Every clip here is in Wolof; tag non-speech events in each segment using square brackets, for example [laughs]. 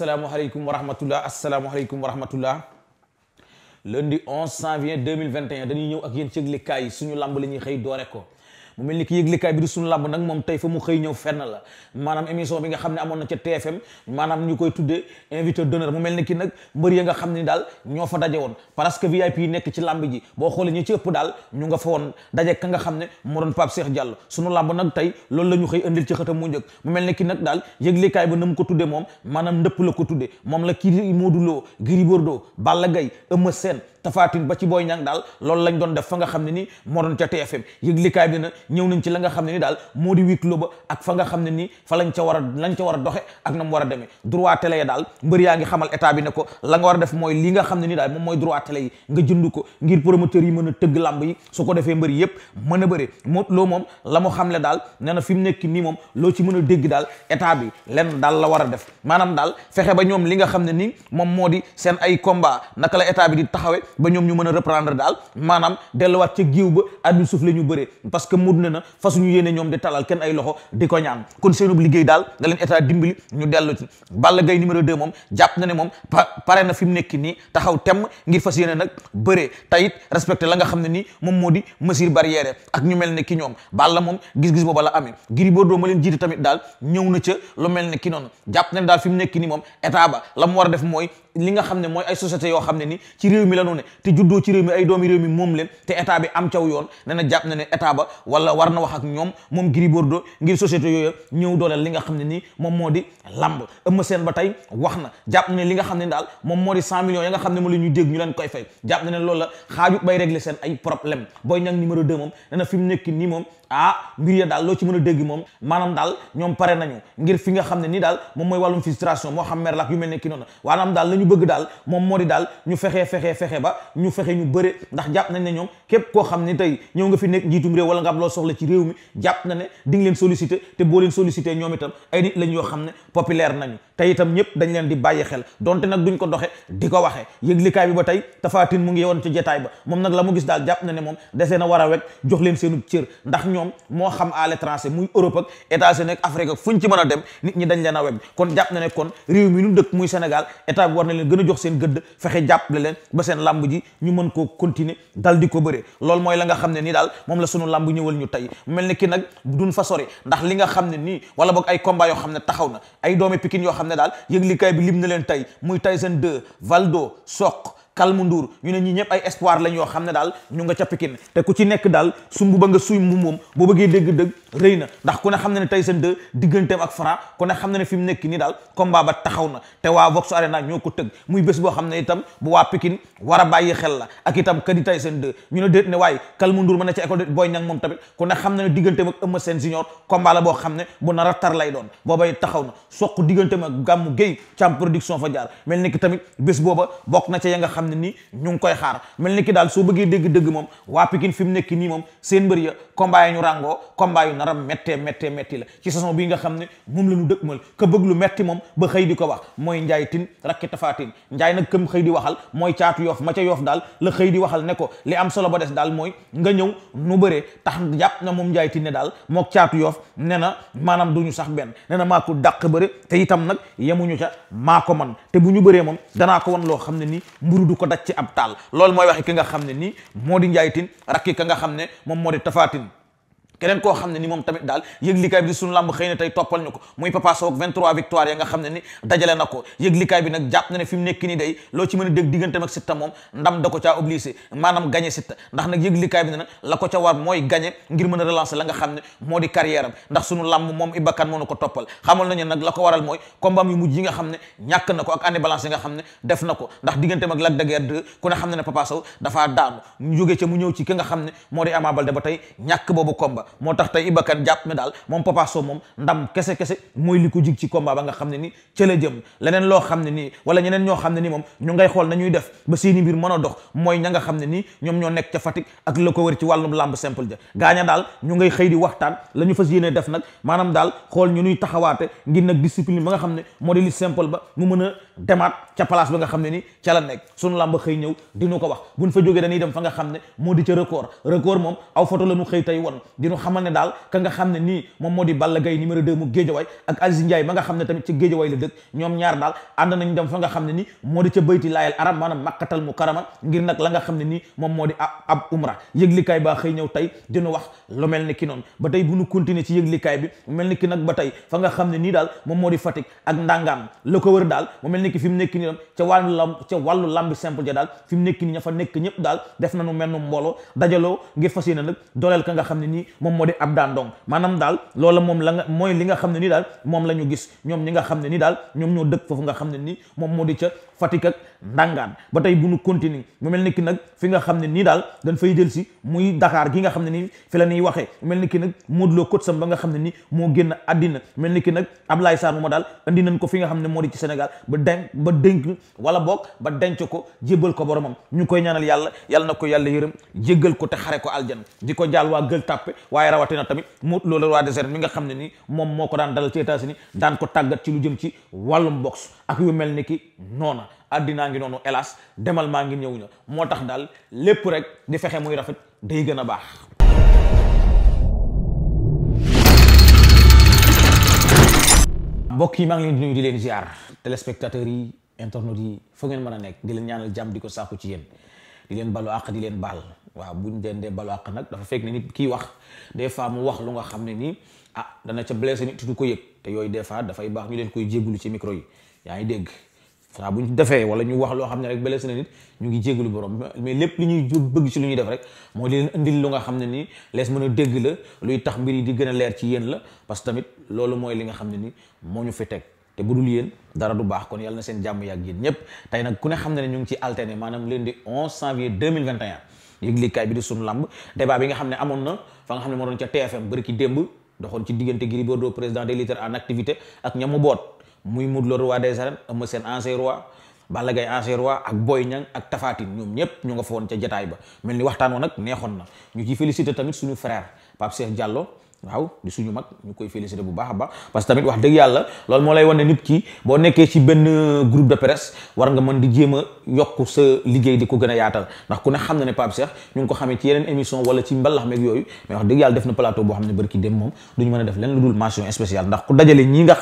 asalaamaaleykum wa rahmatullah asalaamaaleykum wa rahmatullah lundi 11 janvier 2021 dañuy ñëw ak yéen ci yëglekaay yi suñu lamb la ñuy xëy doore ko mu mel ni ki yëglikaay bi di sunu làmb nag moom tey fa mu xëy ñëw fenn la maanaam émission bi nga xam ne amoon na ca TFM maanaam ñu koy tuddee invité d'honneur mu mel ni ki nag mbër ya nga xam ne daal ñoo fa daje woon parce que VIP yi nekk ci làmb ji boo xoolee ñu ci ëpp daal ñu nga fa woon daje ka nga xam ne moo doon Pape Cheikh Diallo sunu làmb nag tey loolu la ñu xëy indil ci xëtam mu njëkk mu mel ni ki nag daal yëglikaay ba na mu ko tuddee moom maanaam ndëpp la ko tuddee moom la kii Modou Lo Gris Bordeaux Balla Gaye Eumeu Sène tafaatin ba ci booy ñang daal lool lañ doon def fa nga xam ne ni moo doon ca TFM yëglikaay bi na nañ ci la nga xam ne ni daal moo di wikloo ak fa nga xam nii fa lañ ca war a ca war a doxe ak na mu war a demee droit télé daal mbër yaa ngi xamal état bi ne ko la nga war a def mooy li xam ne ni daal moom mooy droit télé nga jënd ko ngir promoteur yi mën a tëgg làmb yi su ko defee mbër yépp a bëre moo loo moom la mu xamle daal nee na fi mu nekk nii moom loo ci mën a dégg daal bi lenn daal la war a def maanaam daal fexe ba ñoom li nga xam ne ni moom moo di seen ay combat naka la état bi di taxawe ba ñoom ñu mën a reprendre daal maanaam delluwaat ca giiw ba addu suuf la ñu bëree parce que mud na na ñu yéene ñoom di talal kenn ay loxo di ko ñaan kon seenub liggéey daal da leen état dimbali ñu dellu ci Balla Gaye numéro 2 moom jàpp na ne moom pare na fi mu nekk nii taxaw temm ngir fas yéene nag bëree tayit respecté la nga xam ne nii moom moo di mesure barrière ak ñu mel ne ki ñoom Balla moom gis-gis booba la amee Gris Bordeaux ma leen jiite tamit daal ñëw na ca lu mel ne ki noonu jàpp na ne daal fi mu nekk nii moom état ba la mu war a def mooy li nga xam ne mooy ay société yoo xam ne ni ci réew mi la ñu ne te juddoo ci réew mi ay doomi réew mi moom leen te état bi am caw yoon dana jàpp ne état ba wala war na ñoom moom Gris Bordeaux ngir société yooyu ñëw dooleel li nga xam ne nii moom moo di lamb Eumeu Sène ba tey wax na jàpp ne li nga xam ne daal moom moo di cent millions ya nga xam ne moom la ñuy dégg ñu leen koy fay jàpp ne ne loolu bay régler seen ay problème Boy Niang ah mbir ya daal loo ci mën a dégg moom maanaam daal ñoom pare nañu ngir fi nga xam ne nii daal moom mooy wàllum frustration moo xam mer lak yu mel ne ki noonu waanaam daal la ñu bëgg daal moom moo di daal ñu fexe fexe fexe ba ñu fexe ñu bëre ndax jàpp nañ ne ñoom képp koo xam ne tey ñëw nga fi nekk njiitum réew wala nga am loo soxla ci réew mi jàpp na ne di nga leen solliciter te boo leen solliciter ñoom itam ay nit lañ yoo xam ne populaire nañu te itam ñëpp dañ leen di bàyyi xel donte nag duñ ko doxe di ko waxe yëglikaay bi ba tey tafaatin mu ngi woon ci jetaay ba moom nag la mu gis daal jàpp na ne moom fu ci mën a dem nit ñi dañ leen a wek kon jàpp na ne kon réew mi ñu dëkk muy Sénégal état na leen gën a jox seen gëdd fexe jàppale leen ba seen làmb ji koo continuer dal di ko bëre loolu mooy la nga xam ne nii daal moom la sunu làmb ñëwal ñu tey mel ni ki nag duñ fa sori ndax li nga xam ne nii wala boog ay combat yoo xam ne taxaw na ay doomi Pikine yoo xam ne daal yëglikaay bi lim na leen tey muy Tyson 2 Valdo Soq Kalmu Ndour ñu ne ñi ñëpp ay espoir lañ xam ne daal ñu nga ca te ku ci nekk daal sumbu ba nga suy mu moom boo bëggee dégg-dëgg rëy na ndax ku ne xam na ne Tyson 2 digganteem ak Franc ku ne xam na ne fi mu nekk nii daal combat taxaw na te waa Vox Arena ñoo ko tëgg muy bés boo xam ne itam bu waa war a bàyyi xel la ak itam kadi Tyson 2 ñu ne déet ne waaye Kalmu Ndour ne ci école de Boy Niang moom tamit ku ne xam na ne digganteem ak Eumeu Sène Junior boo xam ne bu nar a tar lay doon boobay taxaw na soq digganteem ak Gamou Gueye Thiam production fa mel ni ki tamit bés booba bokk na ca ya nga xam ne nii ñu ngi koy xaar mel ni ki daal soo bëggee dégg moom waa Pikine fi mu nekk nii moom seen mbër ya combat ñu ràngoo combat nara méttee méttee métti la ci saison bii nga xam ne moom la ñu dëkkmal ka bëgg lu metti moom ba xëy di ko wax mooy njaay tin rakki tafaatin njaay nag këm xëy di waxal mooy caatu yoof ma ca daal la xëy di waxal ne ko li am solo ba des daal mooy nga ñëw nu bëree tax jàpp na moom njaay tin daal mook caatu yoof ne na maanaam duñu sax benn ne na maa ko dàq bëre te itam nag yemuñu ca maa ko man te bu ñu bëree moom danaa ko wan loo xam ne nii mburu du ko daj ci ab taal loolu mooy waxe ki nga xam ne nii moo di njaay tin rakki ka nga xam ne moom moo di tafaatin keneen koo xam ne ni moom tamit daal yëg likaay bi di sunu làmb xëy ko muy Papa Sow ak 23 victoire ya ne ni na ko yëg likaay nag jàpp na ne fi mu nii day loo ci mën a dégg digganteem ak Siteu moom ndam da ko caa obligé maanaam ndax nag yëg bi ne la ko ca war mooy gagné ngir mën a relancer la nga xam ne moo di carrière ndax sunu làmb moom Ibakan moo nu ko toppal xamal nañu nag la ko waral mooy combat yu mujj yi nga xam ne ñàkk na ko ak année balance yi nga xam ne def na ko ndax digganteem ak Lac de Guiers 2 ku ne xam ne ne Papa Sow dafaa daanu mu ca mu ñëw ci ki nga xam ne moo di Ama Baldé ba tey ñàkk boobu combat moo tax tey Ibakan jàpp ne daal moom Papa moom ndam kese kese mooy li ko jig ci combat ba nga xam ne ni ca la jëm leneen loo xam ne nii wala ñeneen ñoo xam ne ni moom ñu ngay xool nañuy def ba seeni mbir mën a dox mooy ña nga xam ne nii ñoom ñoo nekk ca Fatick ak la ko wër ci wàllum lamb simple ja gaaña daal ñu ngay xëy di waxtaan la ñu fas yéene def nag maanaam daal xool ñu nuy taxawaate ngir nag discipline ba nga xam ne moo di li simple demaat ca place ba nga xam ne ni ca la nekk sunu làmba xëy ñëw dinu ko wax buñ fa jógee dañuy dem fa nga xam ne moo di ca record record moom aw photo la ñu xëy tey won dinu ne daal ka nga xam ne nii moom moo di Balla Gaye numéro 2 mu géejawaay ak Aziz Ndiaye ba nga xam ne tamit ci géejawaay la dëkk ñoom ñaar daal ànd nañ dem fa nga xam ne ni moo di ca bayti laayal arab maanaam makkatal mu karama ngir nag la nga xam ne nii moom moo di ab umra yëglikaay baa xëy ñëw tey dinu wax lu mel ni ki noonu ba tey bu ñu continuer ci yëglikaay bi mel ni ki nag ba tey fa nga xam ne nii daal moom moo di Fatick ak ndangaan la ko wër daal mu mel ni ni ki fi mu nekk nii ca wàllu lamb ca wàllu lambi simple ja daal fi mu nekk nii daal def nañu ka nga xam ne nii moom moo di ab daan dong maanaam daal loola moom la nga mooy li nga xam ne nii daal moom la ñu gis ñoom ñi nga xam ne nii daal ñoom ñoo dëkk foofu nga xam ne nii moom moo di ca Fatick ak Ndangaan ba tey bu ñu continue mu mel ni ki nag fi nga xam ne nii daal dañ fay jël si muy Dakar gi nga xam ne nii fi la ñuy waxee mel ni ki nag Modou Lo coach sam ba nga xam ne nii moo génn àddina mel ni ki nag Ablaye Sarr mooma daal andi nañ ko moo di ci Sénégal ba dénk wala boog ba denc ko jébbal ko boromam ñu koy ñaanal yàlla yàlla na ko yàlla yërëm jéggal ko te xare ko aljana di ko jaal waa gël tàppe waaye rawatina tamit mu loolu waa désert mi nga xam ne nii moom moo ko daan dalal ci États-Unis daan ko tàggat ci lu jëm ci wàllum box ak yu mel ni ki noona àddinaa ngi noonu hélas demal maa ngi ñëw ña moo tax daal lépp rek di fexe muy rafet day gën a baax mbokk yi maa ngi téléspectateurs yi internautes yi fu ngeen mën a nekk di leen ñaanal jàmm di ko sàkku ci yéen di leen balu àq di leen baal waaw bu den dee balu àq nag dafa fekk na nit kii wax des fois mu wax lu nga xam ne nii ah dana ca blessé nit du ko yëg te yooyu des fois dafay baax ñu leen koy jégalu ci micro yi yaa ngi dégg saa buñ defee wala ñu wax loo xam ne rek blessé na nit ñu ngi jégalu borom mais lépp li ñuy bëgg ci lu ñuy def rek moo di leen indil lu nga xam ne nii lees mën a dégg la luy tax mbir yi di gën a leer ci yéen la parce que tamit loolu mooy li nga xam ne ni moo ñu fi teg te bu dul yéen dara du baax kon yàlla na seen jàmm yàgg yéen ñëpp tey nag ku ne xam na ne ñu ci alterné maanaam lundi 11 janvier 2021 yëglikaay bi di sunu lamb débat bi nga xam ne amoon na fa nga xam ne moo doon ca TFM bëri démb doxoon ci diggante Gris président des lutteurs en activité ak ñamu boot muy Modou roi des arènes Eumeu Sène ancien roi Balla ak Boy Niang ak Tapha ñoom ñëpp ñu nga fa ca jataay ba waaw di suñu mag ñu koy féliciter bu baax a baax parce que tamit wax dëgg yàlla loolu moo lay wan ne nit ki boo nekkee ci benn euh, groupe de presse war nga mën di jéem a yokk sa liggéey di ko gën a yaatal ndax ku ne xam na ne Pape Cheikh wala ci mbalax meeg yooyu mais wax dëgg yàlla def na plateau boo a def leen lu ne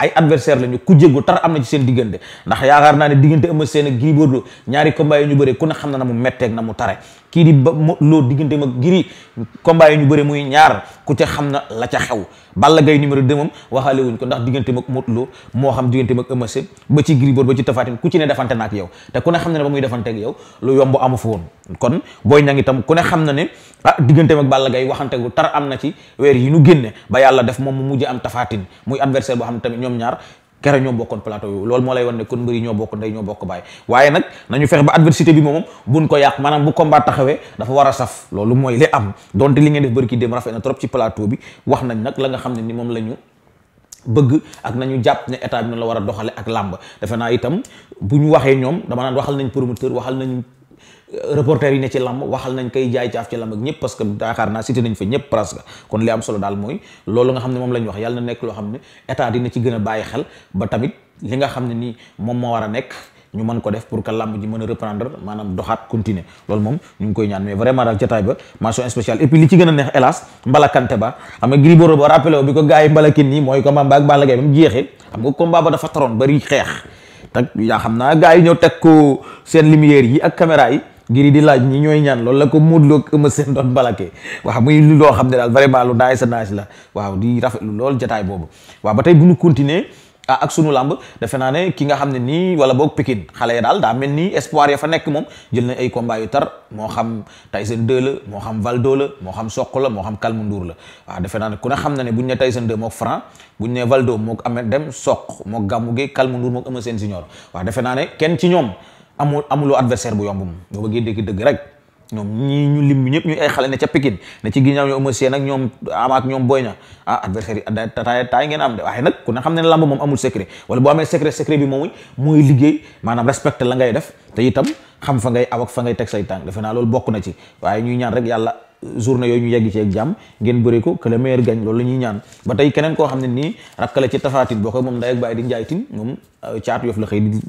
ay adversaire lañu ku jégu tar am na ci seen diggante ndax yaakaar naa ne diggante Eumeu Sène ak Gris Bordeaux ñaari combat yi ñu bëree ku ne xam na na mu metteeg na mu tare kii di ba loo diggante mag Gris combat ñu bëree muy ñaar ku ca xam na la ca xew Balla Gaye numéro 2 moom waxaale wuñ ko ndax diggante mag Modou Lo moo xam diggante mag Eumeu Sène ba ci Gris ba ci Tapha ku ci ne defante na ak yow te ku ne xam na ne ba muy defante ak yow lu yomb amu fa woon kon Boy Niang itam ku ne xam na ne ah diggante mag Balla Gaye waxante gu tar am na ci weer yi nu génne ba yàlla def moom mu mujj am Tapha Tine muy adversaire boo xam ne tamit ñoom ñaar kere ñoo bokkoon plateau yooyu loolu moo lay wan ne kon mbëri ñoo bokk ndey ñoo bokk baay waaye nag nañu fexe ba adversité bi moom buñ ko yàq maanaam bu a saf la nga xam ne ni moom la ñu bëgg ak nañu jàpp ne état bi na la war a doxale ak làmb defe naa itam bu ñu waxee ñoom dama naan waxal nañ promoteur waxal nañ reporter yi ne ci lamb waxal nañ koy jaay caaf ci lamb ak parce que yaakaar naa cité nañ fa ñëpp presque kon li am solo daal mooy loolu nga xam ne moom la wax yàlla na nekk loo xam ne état dina ci gën a bàyyi xel ba tamit li nga xam ne nii moom moo war a nekk ñu mën ko def pour que lamb ji mën a reprendre maanaam doxaat continuer loolu moom ñu ngi koy ñaan mais vraiment daal jotaay ba mention spéciale et puis li ci gën a neex hélas mbalakante ba ngir di laaj ñi ñooy ñaan loolu la ko Modou Lo ak Eumeu Sène doon balake waaw muy loo xam ne daal vraiment lu naaj sa la waaw di rafetlu lool jataay boobu waaw ba tey bu ñu continuer ah ak sunu làmb defe naa ne ki nga xam ne nii wala boog Pikine xale ya daal daa mel ni espoir ya fa nekk moom jël na ay combat yu moo xam Tyson 2 la moo xam Valdo la moo xam Sokk la moo xam Kalmu Ndour la waaw defe naa ne ku ne xam na ne buñ ne Tyson 2 mook Franc buñ ne Valdo mook Amet Dem Sokk mook Gamou Gueye Kalmu Ndour mook Eumeu Sène Junior waaw defe naa ne kenn ci ñoom amul amuloo adversaire bu yomb moom boo bëggee dégg dëgg rek ñoom ñi ñu lim ñëpp ñu ay xale ne ca Pikine ne ci ginnaaw ñoom Eumeu Sène ñoom Ama ak ah adversaire taay ngeen am de waaye nag ku xam ne lamb moom amul secret wala boo amee secret secret bi moomuy mooy liggéey maanaam respecté la ngay def te itam xam fa ngay aw ak fa ngay teg say tànk defe naa loolu bokk na ci waaye ñuy ñaan rek yàlla journée yooyu ñu yegg ci ak jàmm ngeen bëri ko que le meilleur gagne loolu la ñuy ñaan ba tey keneen koo xam ne nii la ci tafaatin boo ko moom nday ak bàyyi di njaaytin moom euh, caatu yoof la xëy di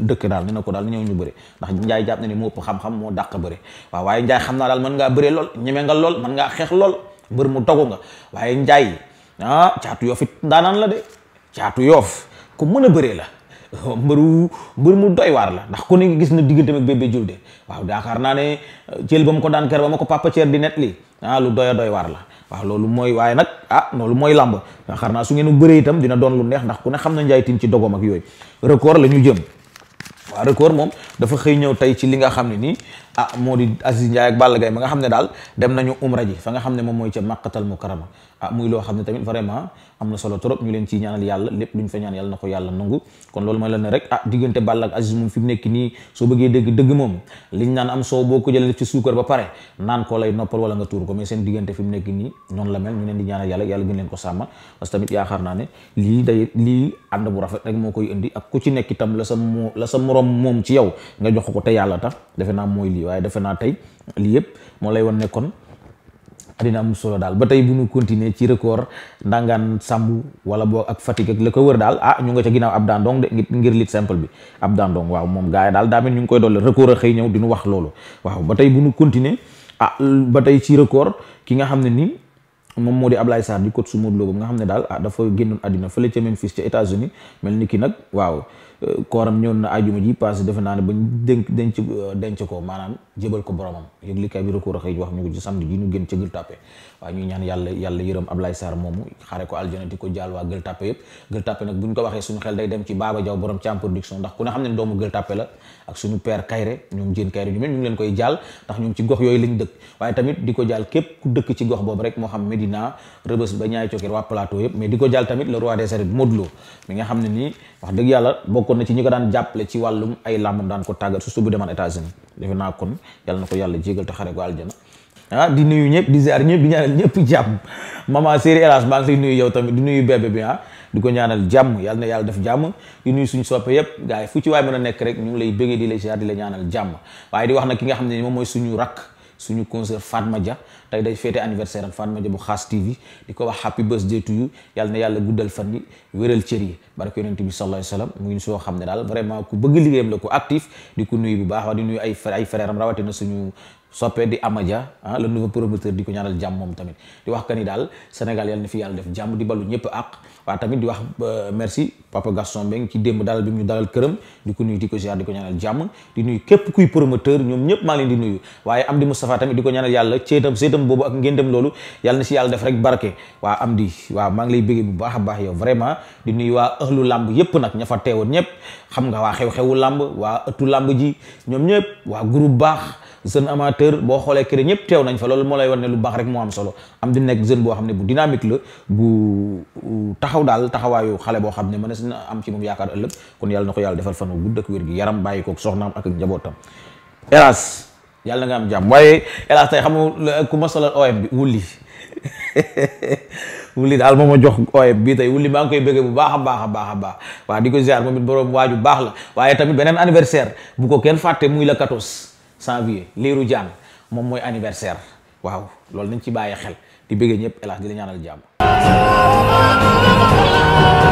dëkk daal ne na ko daal ñëw ñu bëri ndax njaay jàpp na ni moo ëpp xam-xam moo daq bëri waaw waaye njaay xam naa daal mën ngaa bëree lool ñeme nga lool mën ngaa xeex lool mbër mu dogu nga waaye njaay ah caatu yoof it naan la de caatu yoof ku mën a bëree la mbëru mbër mu doy waar la ndax ku ne gis na digganteem ak bébé Diouldé waaw yaakaar naa ne jël euh, ba mu ko daan ker ma ko papa Thier di net li ah lu doy a doy waar la waaw loolu mooy waaye nag ah loolu mooy làmb yaakaar naa su ngeen bëree itam dina doon lu neex ndax ku ne xam na Ndiaye Tine ci dogoom ak yooyu record la ñu jëm waaw record moom dafa xëy ñëw tey ci li nga xam ne nii ah moo di Aziz Ndiaye ak Balla Gaye ma nga xam ne daal dem nañu umra ji fa nga xam ne moom mooy ca Makkatal Mukarrama ah muy loo xam ne tamit vraiment am na solo trop ñu leen ciy ñaanal yàlla lépp lu fa ñaan ko yàlla nangu kon loolu mooy la ne rek ah diggante Balla ak Aziz moom fi mu nekk nii soo bëggee dëgg moom liñ naan am soo boo ko jëlee def ci suukar ba pare naan ko lay noppal wala nga tuur ko mais seen diggante fi mu nekk nii noonu la mel ñu leen di ñaanal yàlla yàlla gën leen ko sàmma parce que tamit yaakaar naa ne lii day lii ànd bu rafet rek moo koy indi ak ku ci nekk itam la sa moo la sa moom ci yow nga jox ko te yàlla tax defe naa mooy lii waaye defe naa tey lii yëpp moo lay wan ne dina am solo daal ba tey bu ñu continuer ci record ndangaan sàmbu wala boo ak Fatick ak la ko wër daal ah ñu nga ca ginnaaw ab dandong de ngir lit simple bi ab dandong waaw moom gars yi daal daa mel ñu ngi koy dolli record a xëy ñëw di wax loolu waaw ba tay bu ñu continuer ah ba tey ci record ki nga xam ne nii moom moo di Ablaye Sarr di coach su Modou Lo boobu nga xam ne daal ah dafa génnoon àddina fële ca Memphis ca États-Unis mel ni nag waaw euh, kooram ñëw na ajuma ji passé defe naa ne euh, ko maanaam jébal ñu gën ca Gueule Tapée waaw ñuy ñaan yàlla yàlla yërëm Ablaye Sarr moomu xare ko aljana ko jaal waa Gueule Tapée yëpp Gueule Tapée nag bu ñu ko waxee suñu xel day dem ci Baba Diaw borom Thiam production ndax ku ne xam ne doomu Gueule Tapée la ak suñu père Kayre ñoom jéen Kayre ñu Medina Rebeuss ba ñaay cokkeer waa plateau yëpp mais di ko jàll tamit le roi des arènes Modou Lo nga xam ne nii wax dëgg yàlla bokkoon na ci ñi ko daan jàppale ci wàllum ay làmbam daan ko tàggat surtout bu demoon États-Unis defe naa kon yàlla na ko yàlla jégal te xare ko aljana ah, di nuyu ñëpp di ñaanal ñëpp jàmm maman série hélas maa ngi lay nuyu tamit di nuyu bébé bi ah di ko ñaanal jàmm yàlla na yàlla def jàmm di nuyu suñu soppe yëpp gars fu ci waay a suñu concert ma ja tey day féete anniversaire am ma Dia bu Xaas TV di ko wax happy birthday to you yàlla na yàlla guddal fan yi wéral cër yi barke yonent bi sallallahu alayhi wasallam mu ngi soo xam ne daal vraiment ku bëgg liggéeyam la ko actif di ko nuyu bu baax waa nuyu ay frère ay frère am rawatina suñu soppe di Amadia ah le nouveau promoteur di ko ñaanal jàmm moom tamit di wax que ni daal Sénégal yàlla na fi yàlla def jàmm di balu ñëpp ak waaye tamit di wax euh, merci Papa Gaston Mbengue ci démb daal bi mu ñu dalal këram di ko nuyu di ko ziar di ko ñaanal jàmm di nuyu képp kuy promoteur ñoom ñëpp maa leen di nuyu waaye Amdi Moustapha tamit di ko ñaanal yàlla ceetam seetam boobu ak ngeen dem loolu yàlla na si yàlla def rek barke waa Amdi waa maa ngi lay bëggee bu baax a baax yow vraiment di nuyu waa ëxlu làmb yëpp nag ña fa teewoon ñëpp xam nga waa xew-xewu làmb waa ëttu làmb ji ñoom ñëpp waa groupe baax jeune amateur boo xoolee kër ñëpp teew nañ fa loolu moo lay war ne lu baax rek moo am solo am di nekk jeune boo xam ne bu dynamique la bu taxaw daal taxawaayu xale boo xam ne mënees na am ci moom yaakaar ëllëg kon yàlla na ko yàlla defal fan wu gudd ak wér gi yaram bàyyi koog soxnaam ak njabootam hélas yàlla na am jàmm waaye hélas tey xam nga ku ma solal OM bi wulli [laughs] wulli daal moom ma jox OM bii tey wulli maa ngi koy bëggee bu baax a baax a baax a baax waa di ko ziar moom it borom waaju baax la waaye tamit beneen anniversaire bu ko kenn fàtte muy la 14. janvier liiru jaan moom mooy anniversaire waaw loolu dañ ci bàyyi xel di bëggee ñëpp El Hadj di la ñaanal jàmm